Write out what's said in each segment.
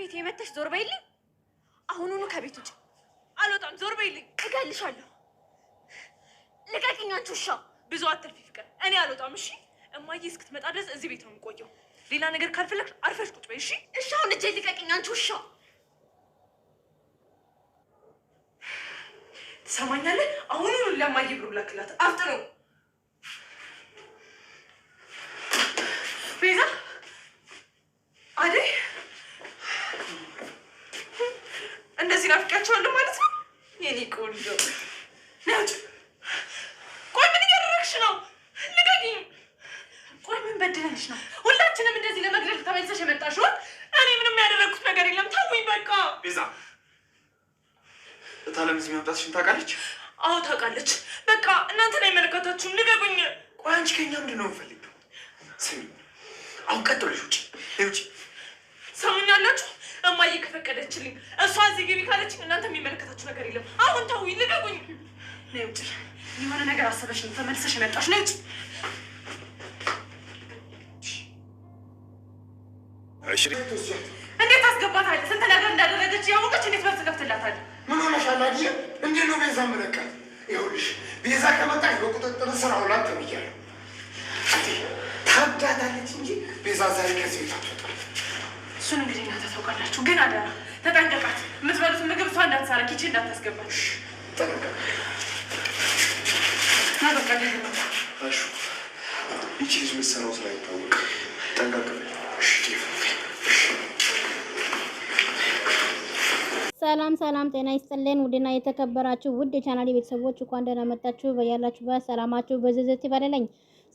ቤት የመተሽ ዞር በይልኝ። አሁኑኑ ከቤት ውጭ አልወጣም። ዞር በይልኝ፣ እገልሻለሁ። ልቀቂኝ አንቺ ውሻ። ብዙ አትልፊ ፍቅር፣ እኔ አልወጣም። እሺ እማዬ እስክትመጣ ድረስ እዚህ ቤት ነው የምቆየው። ሌላ ነገር ካልፈለግሽ አርፈሽ ቁጭ በይ። እሺ እሺ። አሁን እጄ ልቀቂኝ አንቺ ውሻ። ትሰማኛለህ? አሁኑኑ ለማዬ ብሎ ላክላት፣ አፍጥኑ ቤዛ አደይ እንደዚህ ናፍቂያቸዋለሁ ማለት ነው። የኔ ቆንጆ ናት። ቆይ ምን እያደረግሽ ነው? ልቀቂኝ። ቆይ ምን በድለንሽ ነው? ሁላችንም እንደዚህ ለመግደል ተመልሰሽ የመጣሽው? እኔ ምንም ያደረግኩት ነገር የለም። ተውኝ በቃ። ቤዛ እታለም እዚህ መምጣትሽን ታውቃለች? አዎ ታውቃለች። በቃ እናንተን አይመለከታችሁም። ልቀቁኝ። ቆይ አንቺ ከኛ ምንድን ነው የምፈልገው? ስሚ አሁን ቀጥ ውጭ፣ ውጪ ውጪ። ሰሙኛላችሁ እማዬ ከፈቀደችልኝ እሷ እዚህ ግቢ ካለችኝ እናንተ የሚመለከታችሁ ነገር የለም። አሁን ተውኝ፣ ልቀቁኝ። ነይ ውጭ። የሆነ ነገር አሰበሽ ነው ተመልሰሽ የመጣሽ። ነይ ውጭ። እንዴት አስገባታለህ? ስንት ነገር እንዳደረገች ያወቀች እንዴት በር ትከፍትላታለህ? ምን ሆነሻል? አዲ እንዴት ነው ቤዛ መለካት? ይኸውልሽ ቤዛ ከመጣች በቁጥጥር ስር አውላት ተብያለሁ። ታዳታለች እንጂ ቤዛ ዛሬ ከዚህ ቤታቸው እሱን እንግዲህ እናንተ ታውቃላችሁ። ግን አደራ ተጠንቀቃት። የምትበሉት ምግብ እሷ እንዳትሰራ ኪችን እንዳታስገባል። ይቺ ልጅ የምትሰራው ስራ ይታወቅ። ጠንቀቅ ሰላም ሰላም፣ ጤና ይስጥልን ውድና የተከበራችሁ ውድ የቻናል ቤተሰቦች እንኳን ደህና መጣችሁ። በያላችሁበት ሰላማችሁ በዝዝት ይበለለኝ።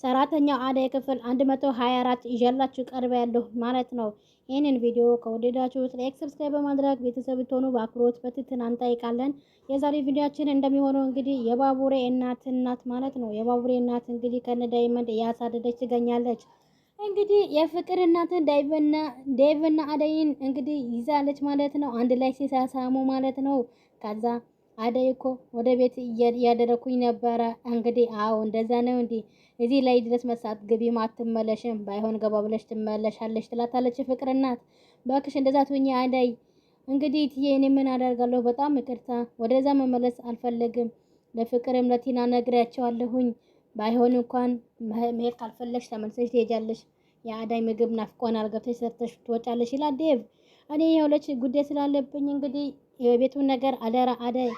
ሰራተኛው አደይ ክፍል 124 ይዤላችሁ ቀርበ ያለሁ ማለት ነው። ይህንን ቪዲዮ ከወደዳችሁት ላይክ፣ ሰብስክራይብ በማድረግ ቤተሰብ ትሆኑ በአክብሮት በትህትና እንጠይቃለን። የዛሬ ቪዲዮችን እንደሚሆነው እንግዲህ የባቡሬ እናት እናት ማለት ነው። የባቡሬ እናት እንግዲህ ከነ ዳይመንድ እያሳደደች ትገኛለች። እንግዲህ የፍቅር እናትን ዳይቨና ዴቭና አደይን እንግዲህ ይዛለች ማለት ነው። አንድ ላይ ሲሳሳሙ ማለት ነው ከዛ አደይ እኮ ወደ ቤት እያደረኩኝ ነበረ። እንግዲህ አዎ እንደዛ ነው እንዴ? እዚህ ላይ ድረስ መሳት ግቢም አትመለሽም፣ ባይሆን ገባ ብለሽ ትመለሻለሽ ትላታለች ፍቅር እናት። እባክሽ እንደዛ ትሁኝ አደይ። እንግዲህ እትዬ እኔ ምን አደርጋለሁ? በጣም ይቅርታ፣ ወደዛ መመለስ አልፈልግም። ለፍቅርም ለቲና ነግሬያቸዋለሁኝ። ባይሆን እንኳን መሄድ ካልፈለግሽ ተመልሰሽ ትሄጃለሽ። የአደይ ምግብ ናፍቆናል፣ ገብተሽ ሰርተሽ ትወጫለሽ ይላል ዴቭ። እኔ የሁለች ጉዳይ ስላለብኝ እንግዲህ የቤቱን ነገር አደራ አደይ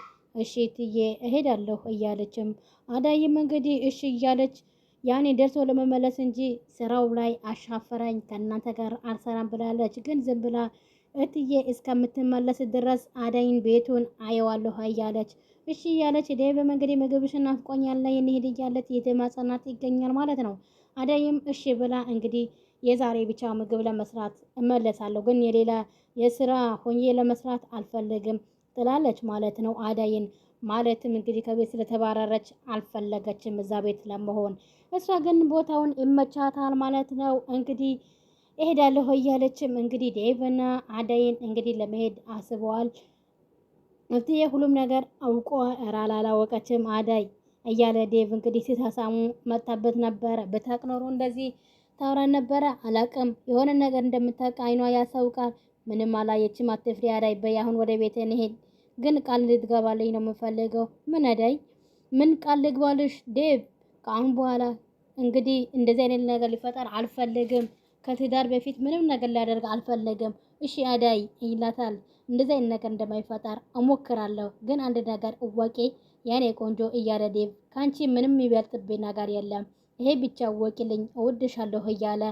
እሺ ትዬ እሄዳለሁ እያለችም አዳይም እንግዲህ እሺ እያለች ያኔ ደርሶ ለመመለስ እንጂ ስራው ላይ አሻፈረኝ ከእናንተ ጋር አልሰራም ብላለች። ግን ዝም ብላ እትዬ እስከምትመለስ ድረስ አዳይን ቤቱን አየዋለሁ እያለች እሺ እያለች ዴቭም እንግዲህ ምግብሽን ናፍቆኛል ላይ እንሂድ እያለት የተማጸናት ይገኛል ማለት ነው። አዳይም እሺ ብላ እንግዲህ የዛሬ ብቻ ምግብ ለመስራት እመለሳለሁ፣ ግን የሌላ የስራ ሆኜ ለመስራት አልፈልግም ትላለች ማለት ነው አዳይን። ማለትም እንግዲህ ከቤት ስለተባረረች አልፈለገችም እዛ ቤት ለመሆን። እሷ ግን ቦታውን ይመቻታል ማለት ነው እንግዲህ እሄዳለሁ እያለችም እንግዲህ ዴቭና አዳይን እንግዲህ ለመሄድ አስበዋል። እትዬ ሁሉም ነገር አውቆ ራላላወቀችም አላወቀችም አዳይ እያለ ዴቭ እንግዲህ ሲሳሳሙ መታበት ነበረ። ብታቅኖሩ እንደዚህ ታውራን ነበረ አላቅም። የሆነ ነገር እንደምታውቅ አይኗ ያሳውቃል። ምንም አላየችም። አትፍሪ አዳይ። በይ አሁን ወደ ቤት እንሄድ። ግን ቃል ልትገባልኝ ነው የምፈልገው። ምን አዳይ? ምን ቃል ልግባልሽ? ዴቭ ከአሁን በኋላ እንግዲህ እንደዚህ አይነት ነገር ሊፈጠር አልፈልግም። ከትዳር በፊት ምንም ነገር ሊያደርግ አልፈለግም። እሺ አዳይ ይላታል። እንደዚህ አይነት ነገር እንደማይፈጠር እሞክራለሁ። ግን አንድ ነገር እዋቄ ያኔ ቆንጆ እያለ ዴቭ ከአንቺ ምንም የሚበልጥብኝ ነገር የለም ይሄ ብቻ ወቂልኝ እወድሻለሁ እያለ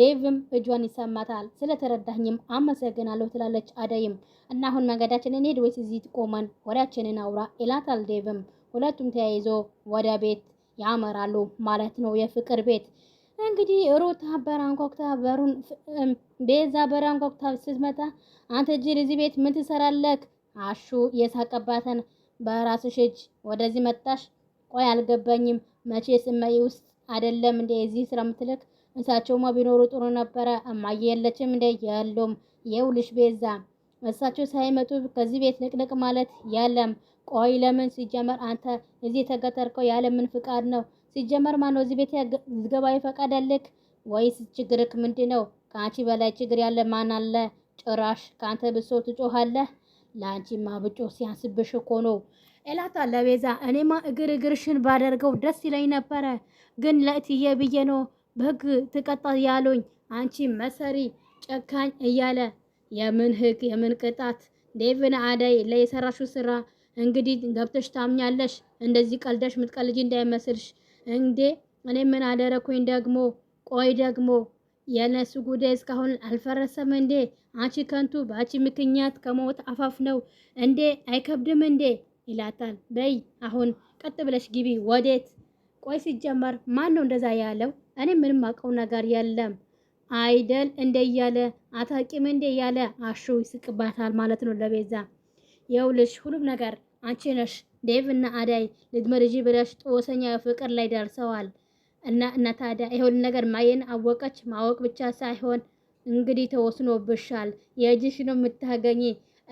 ዴቭም እጇን ይሰማታል። ስለተረዳኝም አመሰግናለሁ ትላለች አደይም። እና አሁን መንገዳችንን ሄድ ወይስ እዚህ ቆመን ወሬያችንን አውራ ይላታል ዴቭም። ሁለቱም ተያይዞ ወደ ቤት ያመራሉ ማለት ነው፣ የፍቅር ቤት እንግዲህ። ሩታ በራንኳኩታ በሩን ቤዛ በራንኳኩታ ስትመጣ አንተ ጅል እዚህ ቤት ምን ትሰራለህ? አሹ የሳቀባትን በራስሽ እጅ ወደዚህ መጣሽ? ቆይ አልገባኝም መቼ ስመይ ውስጥ አይደለም እንደ እዚህ ስለምትልክ እሳቸውማ ቢኖሩ ጥሩ ነበረ። እማዬ የለችም እንደ ያለውም የውልሽ ቤዛ እሳቸው ሳይመጡ ከዚህ ቤት ንቅንቅ ማለት ያለም። ቆይ ለምን ሲጀመር አንተ እዚህ የተገተርከው ያለ ምን ፍቃድ ነው? ሲጀመር ማነው እዚህ ቤት ዝገባ ፈቃድ አለክ ወይስ ችግርክ ምንድን ነው? ከአንቺ በላይ ችግር ያለ ማን አለ? ጭራሽ ከአንተ ብሶ ትጮሃለህ። ለአንቺማ ብጮህ ሲያንስብሽ እኮ ነው። እላታ ለቤዛ እኔማ እግር እግርሽን ባደርገው ደስ ይለኝ ነበረ፣ ግን ለእትዬ ብዬ ነው በህግ ትቀጣ ያሉኝ። አንቺ መሰሪ ጨካኝ እያለ የምን ህግ የምን ቅጣት? ዴቭን አደይ ለየሰራሹ ስራ እንግዲህ ገብተሽ ታምኛለሽ። እንደዚህ ቀልደሽ ምትቀልጂ እንዳይመስልሽ እንዴ። እኔ ምን አደረኩኝ ደግሞ? ቆይ ደግሞ የነሱ ጉዳይ እስካሁን አልፈረሰም እንዴ? አንቺ ከንቱ፣ በአንቺ ምክንያት ከሞት አፋፍ ነው እንዴ? አይከብድም እንዴ? ይላታል። በይ አሁን ቀጥ ብለሽ ግቢ። ወዴት? ቆይ ሲጀመር ማን ነው እንደዛ ያለው? እኔ ምንም አውቀው ነገር የለም አይደል እንደ እያለ አታቂም እንደ እያለ አሹ ይስቅባታል ማለት ነው ለቤዛ። ይኸውልሽ ሁሉም ነገር አንቺ ነሽ። ዴቭ እና አዳይ ልትመርጂ ብለሽ ጦሰኛ ፍቅር ላይ ደርሰዋል እና እና ታዲያ ይሁን ነገር ማየን አወቀች። ማወቅ ብቻ ሳይሆን እንግዲህ ተወስኖብሻል። የእጅሽ ነው የምታገኝ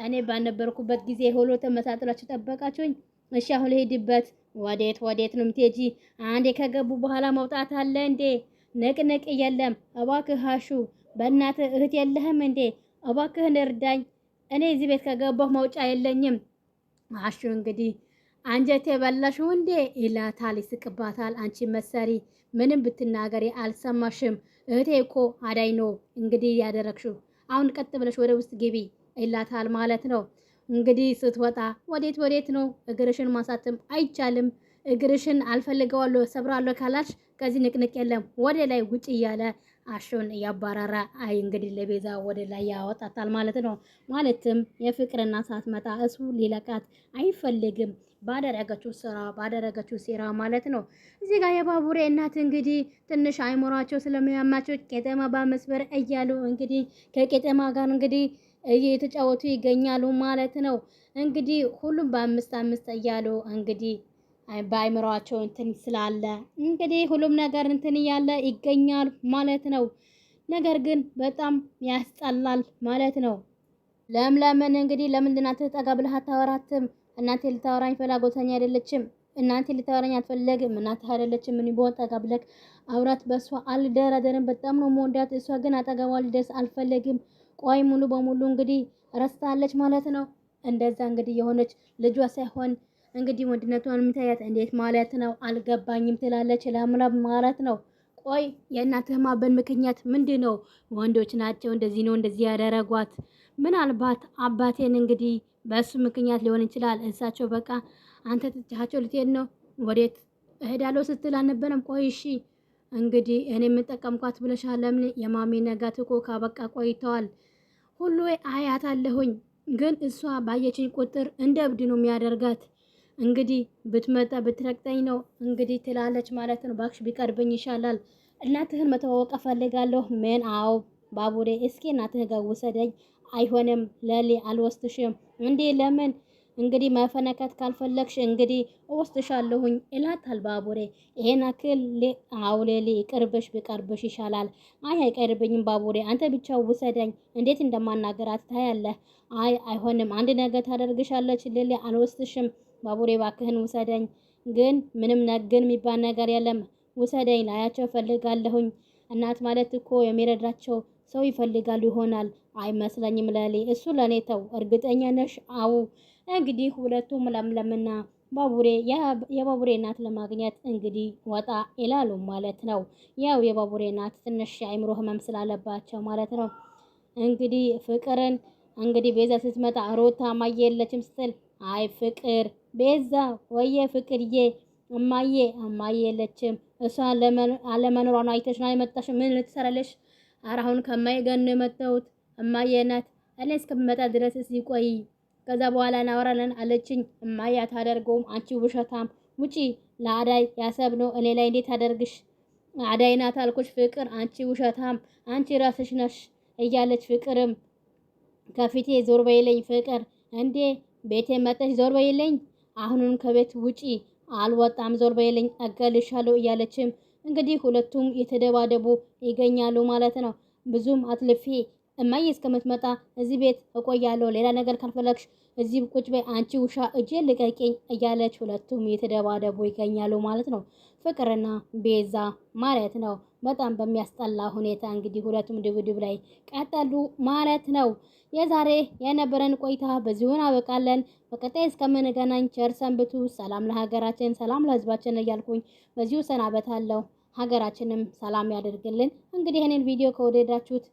እኔ ባልነበርኩበት ጊዜ ሆሎ ተመሳጥላችሁ ጠበቃችሁኝ። እሺ አሁን ሄድበት ወዴት ወዴት ነው የምትሄጂ? አንዴ ከገቡ በኋላ መውጣት አለ እንዴ? ንቅንቅ የለም። እባክህ ሀሹ፣ በእናትህ እህት የለህም እንዴ? እባክህን እርዳኝ። እኔ እዚህ ቤት ከገባሁ መውጫ የለኝም። ሀሹ እንግዲህ አንጀቴ በላሽው እንዴ ይላታል፣ ይስቅባታል። አንቺ መሰሪ ምንም ብትናገሪ አልሰማሽም። እህቴ እኮ አዳይ ነው እንግዲህ ያደረግሽው። አሁን ቀጥ ብለሽ ወደ ውስጥ ግቢ። ይላታል ማለት ነው። እንግዲህ ስትወጣ ወዴት ወዴት ነው እግርሽን ማሳተም አይቻልም፣ እግርሽን አልፈልገዋለሁ ሰብራለሁ ካላልሽ ከዚህ ንቅንቅ የለም ወደ ላይ ውጭ እያለ አሹን እያባራራ አይ እንግዲህ ለቤዛ ወደ ላይ ያወጣታል ማለት ነው። ማለትም የፍቅርና ሰዓት መጣ እሱ ሊለቃት አይፈልግም ባደረገችው ስራ ባደረገችው ሴራ ማለት ነው። እዚህ ጋር የባቡሬ እናት እንግዲህ ትንሽ አይሞራቸው ስለሚያማቸው ቄጠማ በመስበር እያሉ እንግዲህ ከቄጠማ ጋር እንግዲህ እየተጫወቱ ይገኛሉ ማለት ነው። እንግዲህ ሁሉም በአምስት አምስት እያሉ እንግዲህ በአይምሯቸው እንትን ስላለ እንግዲህ ሁሉም ነገር እንትን እያለ ይገኛል ማለት ነው። ነገር ግን በጣም ያስጠላል ማለት ነው። ለምለምን እንግዲህ ለምንድን ነው ተጠጋ ብለህ አታወራትም? እናቴ ልታወራኝ ፍላጎተኛ አይደለችም። እናቴ ልታወራኝ አትፈለግም። እናትህ አይደለችም። ምን ቢሆን ጠጋ ብለህ አውራት። በእሷ አልደራደርም። በጣም ነው መወዳት። እሷ ግን አጠገቧ ልደርስ አልፈለግም። ቆይ ሙሉ በሙሉ እንግዲህ ረስታለች ማለት ነው። እንደዛ እንግዲህ የሆነች ልጇ ሳይሆን እንግዲህ ወንድነቷን የምታያት እንዴት ማለት ነው አልገባኝም ትላለች ለምለም ማለት ነው። ቆይ የእናትህ ማበን ምክንያት ምንድን ነው? ወንዶች ናቸው እንደዚህ ነው እንደዚህ ያደረጓት። ምናልባት አባቴን እንግዲህ በእሱ ምክንያት ሊሆን ይችላል። እሳቸው በቃ አንተ ትቻቸው ልትሄድ ነው ወዴት እሄዳለሁ ስትል አልነበረም? ቆይ እሺ እንግዲህ እኔ የምጠቀምኳት ብለሻል። የማሚ ነጋት እኮ ካበቃ ቆይተዋል። ሁሉ አለሁኝ፣ ግን እሷ ባየችኝ ቁጥር እንደ እብድ ነው የሚያደርጋት። እንግዲህ ብትመጣ ብትረቅጠኝ ነው እንግዲህ ትላለች ማለት ነው። ባክሽ ቢቀርብኝ ይሻላል። እናትህን መተዋወቅ እፈልጋለሁ። ምን? አዎ ባቡሬ፣ እስኪ እናትህ ጋር ውሰደኝ። አይሆንም ለሌ አልወስድሽም። እንዴ ለምን? እንግዲህ መፈነከት ካልፈለግሽ እንግዲህ እወስድሻለሁኝ እላታል ባቡሬ። ይሄን አክል አውሌሊ ቅርብሽ ቢቀርብሽ ይሻላል። አይ አይቀርብኝም ባቡሬ፣ አንተ ብቻው ውሰደኝ፣ እንዴት እንደማናገር ታያለህ። አይ አይሆንም፣ አንድ ነገር ታደርግሻለች ሌሊ፣ አልወስድሽም ባቡሬ፣ ባክህን ውሰደኝ። ግን ምንም ነግን የሚባል ነገር የለም፣ ውሰደኝ፣ ላያቸው ፈልጋለሁኝ። እናት ማለት እኮ የሚረዳቸው ሰው ይፈልጋሉ ይሆናል። አይመስለኝም ሌሊ፣ እሱ ለእኔ ተው። እርግጠኛ ነሽ? አዎ እንግዲህ ሁለቱም ለምለምና ባቡሬ የባቡሬ እናት ለማግኘት እንግዲህ ወጣ ይላሉ ማለት ነው። ያው የባቡሬ እናት ትንሽ አይምሮ ህመም ስላለባቸው ማለት ነው። እንግዲህ ፍቅርን እንግዲህ ቤዛ ስትመጣ ሮታ እማዬ የለችም ስትል፣ አይ ፍቅር ቤዛ ወየ ፍቅርዬ እማዬ እማዬ የለችም እሷ አለመኖሯን አይተሽ ነው የመጣሽ ምን ልትሰራለሽ? አራሁን አሁን ከማይገን የመጣሁት እማዬ ናት። እኔ እስከምመጣ ድረስ እስኪ ቆይ ከዛ በኋላ እናወራለን አለችኝ። እማዬ አታደርገውም አንቺ ውሸታም ውጪ ለአዳይ ያሰብ ነው እኔ ላይ እንዴት አደርግሽ አዳይ ናት አልኩሽ ፍቅር አንቺ ውሸታም አንቺ ራስሽ ነሽ እያለች ፍቅርም ከፊቴ ዞር በይለኝ ፍቅር እንዴ ቤቴ መጠሽ ዞር በይለኝ አሁኑን ከቤት ውጪ አልወጣም ዞር በይለኝ እገልሻለሁ እያለችም እንግዲህ ሁለቱም የተደባደቡ ይገኛሉ ማለት ነው ብዙም አትልፌ እማዬ እስከምትመጣ እዚህ ቤት እቆያለሁ፣ ሌላ ነገር ካልፈለግሽ እዚህ ቁጭ በይ አንቺ ውሻ፣ እጄ ልቀቂኝ እያለች ሁለቱም የተደባደቡ ይገኛሉ ማለት ነው። ፍቅርና ቤዛ ማለት ነው። በጣም በሚያስጠላ ሁኔታ እንግዲህ ሁለቱም ድብድብ ላይ ቀጠሉ ማለት ነው። የዛሬ የነበረን ቆይታ በዚሁን አበቃለን። በቀጣይ እስከምንገናኝ ቸር ሰንብቱ። ሰላም ለሀገራችን፣ ሰላም ለህዝባችን እያልኩኝ በዚሁ ሰናበታለሁ። ሀገራችንም ሰላም ያደርግልን። እንግዲህ ይህንን ቪዲዮ ከወደዳችሁት